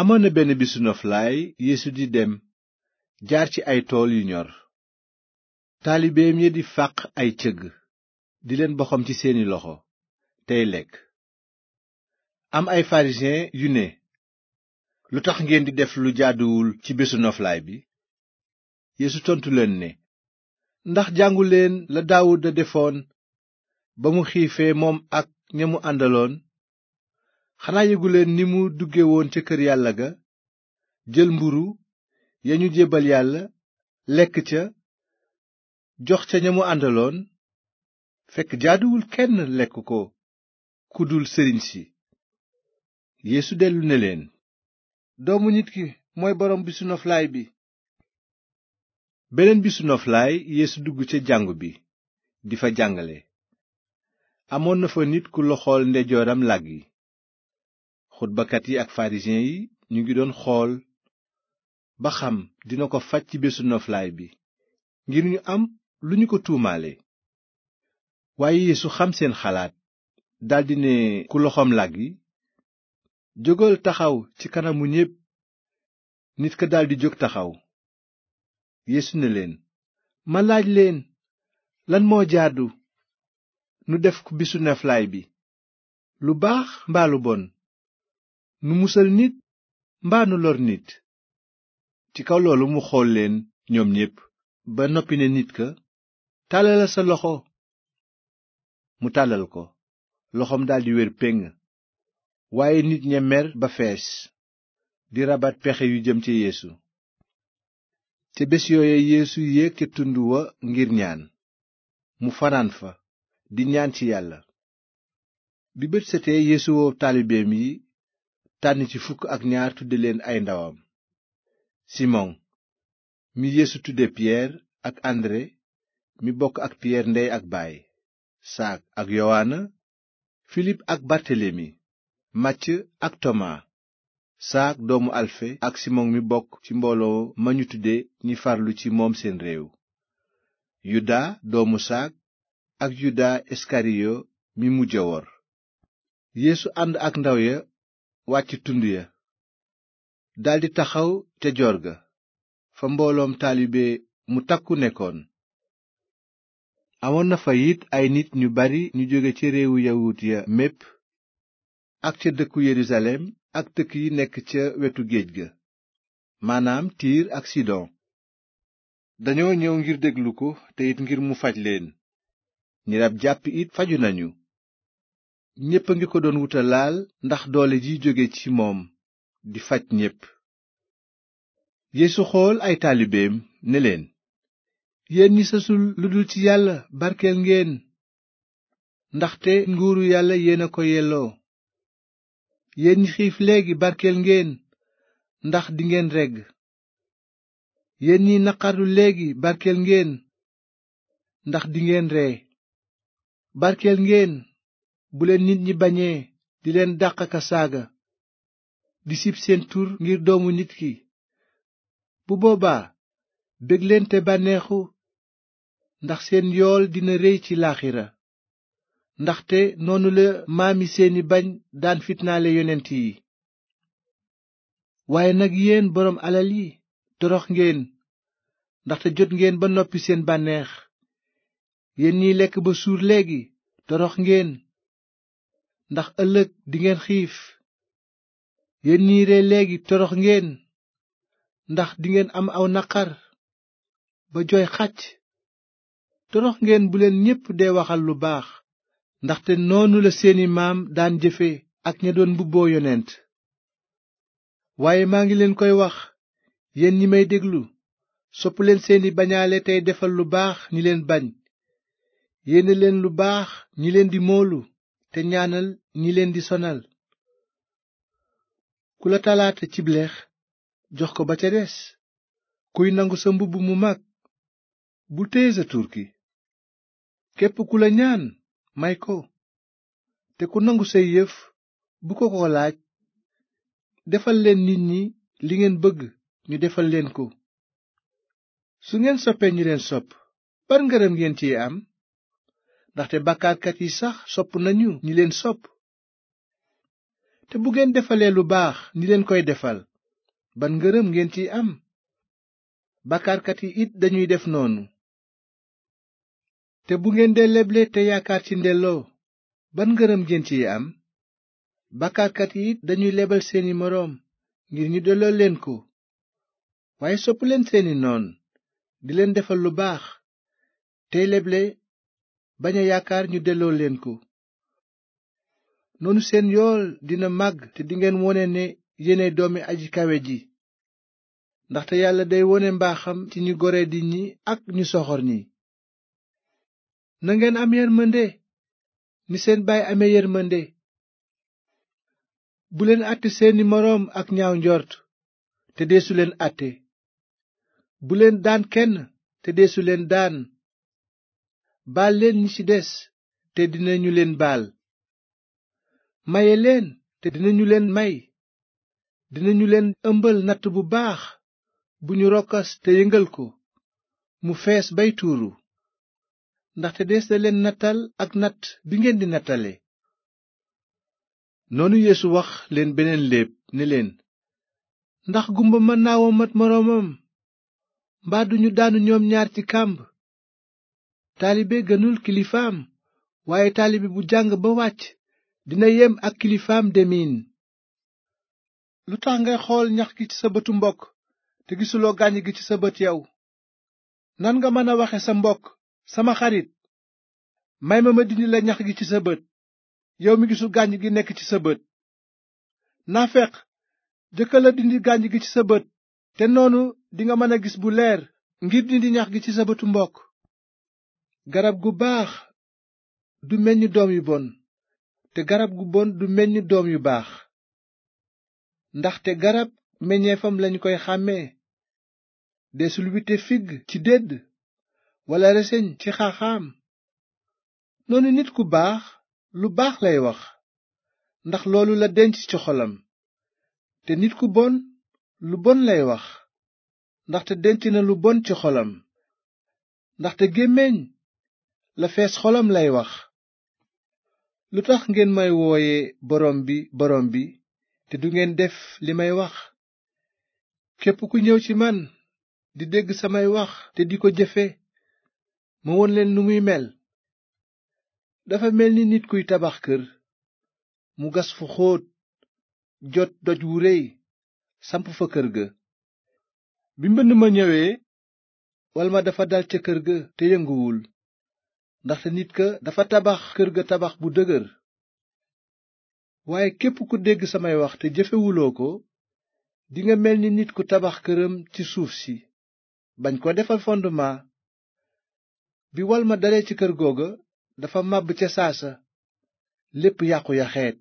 amoon na benn bésu noflaay Yeesu di dem jaar ci ay tool yu ñor taalibeem ya di fàq ay cëgg di leen boxam ci seeni loxo tey lekk am ay farisiyen yu ne lu tax ngeen di def lu jaaduwul ci bésu noflaay bi yéesu tontu leen ne ndax jànguleen la Daawuda defoon ba mu xiifee moom ak ña mu àndaloon xanaa yëguleen ni mu dugge woon ca kër yàlla ga jël mburu ya ñu jébbal yàlla lekk ca jox ca ña mu àndaloon fekk jaaduwul kenn lekk ko ku dul sëriñ si yéesu dellu ne leen doomu nit ki mooy boroom bisu noflaay bi beneen bisu noflaay yéesu dugg ca jàngu bi di fa jàngale amoon na fa nit ku loxool ndeyjooram yi xutbakat yi ak farisiyen yi ñu ngi doon xool ba xam dina ko faj ci bésu noflaay bi ngir ñu am lu ñu ko tuumaale waaye Yeesu xam seen xalaat daldi ne ku loxoom yi jógal taxaw ci kanamu ñépp nit ka daldi jóg taxaw Yeesu ne leen ma laaj leen lan moo jaadu nu def bésu noflaay bi lu baax mbaa bon nu musal nit mbaa nu lor nit ci kaw loolu mu xool leen ñoom ñépp ba noppi ne nit ka tàllalal sa loxo mu tàllal ko loxoom daldi wér péng waaye nit ña ba fees di rabat pexe yu jëm ci yeesu ca bés yooya yeesu yéeg ca tund wa ngir ñaan mu fanaan fa di ñaan ci yàlla bi bët setee yeesu taalibeem yi tànn ci fukk ak ñaar tudde leen ay ndawam simon mi yeesu tudde piyeer ak andre mi bokk ak piyeer ndey ak baay saak ak yowaana filip ak bartelemi macc ak tomaa saak doomu alfe ak simon mi bokk ci mbooloo ma ñu tudde ñi farlu ci moom seen réew yuda doomu saak ak yuda iskariyo mi mujj wor yeesu ànd ak ndaw ya wàcc daldi taxaw ca joor ga fa mbooloom taalibe mu takku nekkoon amoon na fa it ay nit ñu bari ñu jóge ci réewu yawut ya mépp ak ca dëkku yerusalem ak dëkk yi nekk ca wetu géej ga maanaam tiir ak sidon dañoo ñëw ngir déglu ko te it ngir mu faj leen ñi rab jàpp it faju nañu ñépp a ngi ko doon wuta laal ndax doole ji jóge ci moom di faj ñépp yéesu xool ay taalibeem ne leen yéen ñi sasul lu dul ci yàlla barkeel ngeen ndaxte nguuru yàlla yéen a ko yelloo yéen ñi xiif léegi barkeel ngeen ndax dingeen regg yéen ñi naqaru léegi barkeel ngeen ndax dingeen ree barkeel ngeen bu leen nit ñi bañee di leen dàq ak saaga di sip seen tur ngir doomu nit ki bu boobaa bég leen te bànneexu ndax seen yool dina réy ci laaxira ndaxte noonu la maami seeni bañ daan fitnaale yonent yi waaye nag yéen boroom alal yi torox ngeen ndaxte jot ngeen ba noppi seen bànneex yéen ñiy lekk ba suur léegi torox ngeen ndax ëllëg dingeen xiif yéen ñi ree léegi torox ngeen ndax dingeen am aw naqar ba jooy xàcc torox ngeen bu leen ñépp dee waxal lu baax ndaxte noonu la seeni maam daan jëfe ak ña doon mbubboo yonent waaye maa ngi leen koy wax yéen ñi may déglu sopp leen seeni bañaale tey defal lu baax ñi leen bañ yéene leen lu baax ñi leen di moolu te ñaanal ñi leen di sonal ku la talaata cib leex jox ko ba ca des kuy nangu sa mbubb mu mag bu téye sa turki képp ku la ñaan may ko te ku nangu say yëf bu ko ko laaj defal leen nit ñi li ngeen bëgg ñu defal leen ko su ngeen soppee ñu leen sopp bar ngërëm ngeen ci am ndaxte bàkkaarkat yi sax sopp nañu ñi leen sopp te bu ngeen defalee lu baax ni leen koy defal ban ngërëm ngeen ciy am bàkkaarkat yi it dañuy def noonu te bu ngeen dee leble te yaakaar ci ndelloo ban ngërëm ngeen ciy am bàkkaarkat yi it dañuy lebal seeni moroom ngir ñu delloo leen ko waaye sopp leen seeni noon di leen defal lu baax tey leble bañ yaakaar ñu delloo leen ko noonu seen yool dina màgg te dingeen wone ne yéenay doomi aji kawe ji ndaxte yàlla day wone mbaaxam ci ñu goredi ñi ak ñu soxor ñi nangeen am yërmande ni seen baay amee mënde buleen àtte seeni moroom ak ñaaw njort te deesu leen àtte buleen daan kenn te deesu leen daan baal leen ñi ci des te dinañu leen baal maye leen te dinañu leen may dinañu leen ëmbal natt bu baax bu ñu rokkas te yëngal ko mu fees bay tuuru ndaxte dees na leen nattal ak natt bi ngeen di nattale noonu Yeesu wax leen beneen léeb ne leen ndax gumba mën naa womat moroomam mbaa duñu daanu ñoom ñaar ci kàmb taalibe gënul kilifaam waaye taalibe bu jàng ba wàcc dina yem ak kilifaam demin lu tax ngay xool ñax gi ci sa bëtu mbokk te gisuloo gàññ gi ci sa bët yow nan nga mën a waxe sa mbokk sama xarit may ma ma dindi la ñax gi ci sa bët yow mi gisu gàññ gi nekk ci sa bët naafeq jëkka la dindi gàññ gi ci sa bët te noonu dinga mën a gis bu leer ngir dindi ñax gi ci sa bëtu mbokk garab gu baax du meññ doom yu bon te garab gu bon du meññ doom yu baax ndaxte garab meññeefam lañu koy xàmmee desul wite figg ci dédd walla reseñ ci xaaxaam noonu nit ku baax lu baax lay wax ndax loolu la denc ci xolam te nit ku bon lu bon lay wax ndaxte denc na lu bon ci xolam ndaxte gémmiñ la fees xolam lay wax lu tax ngeen may wooye borom bi borom bi te du ngeen def li may wax képp ku ñëw ci man di dégg samay wax te di ko jëfe ma won leen nu muy mel dafa mel ni nit kuy tabax kër mu gas fu xóot jot doj wu réy samp fa kër ga bi mbënn ma ñëwee wal ma dafa dal ca kër ga te yënguwul ndaxte nit ka dafa tabax kër ga tabax bu dëgër waaye képp ku dégg samay wax te jëfewuloo ko dinga mel ni nit ku tabax këram ci suuf si bañ koo defal fondement bi wal ma dalee ci kër googa dafa màbb ca saasa lépp yàqu ya xeet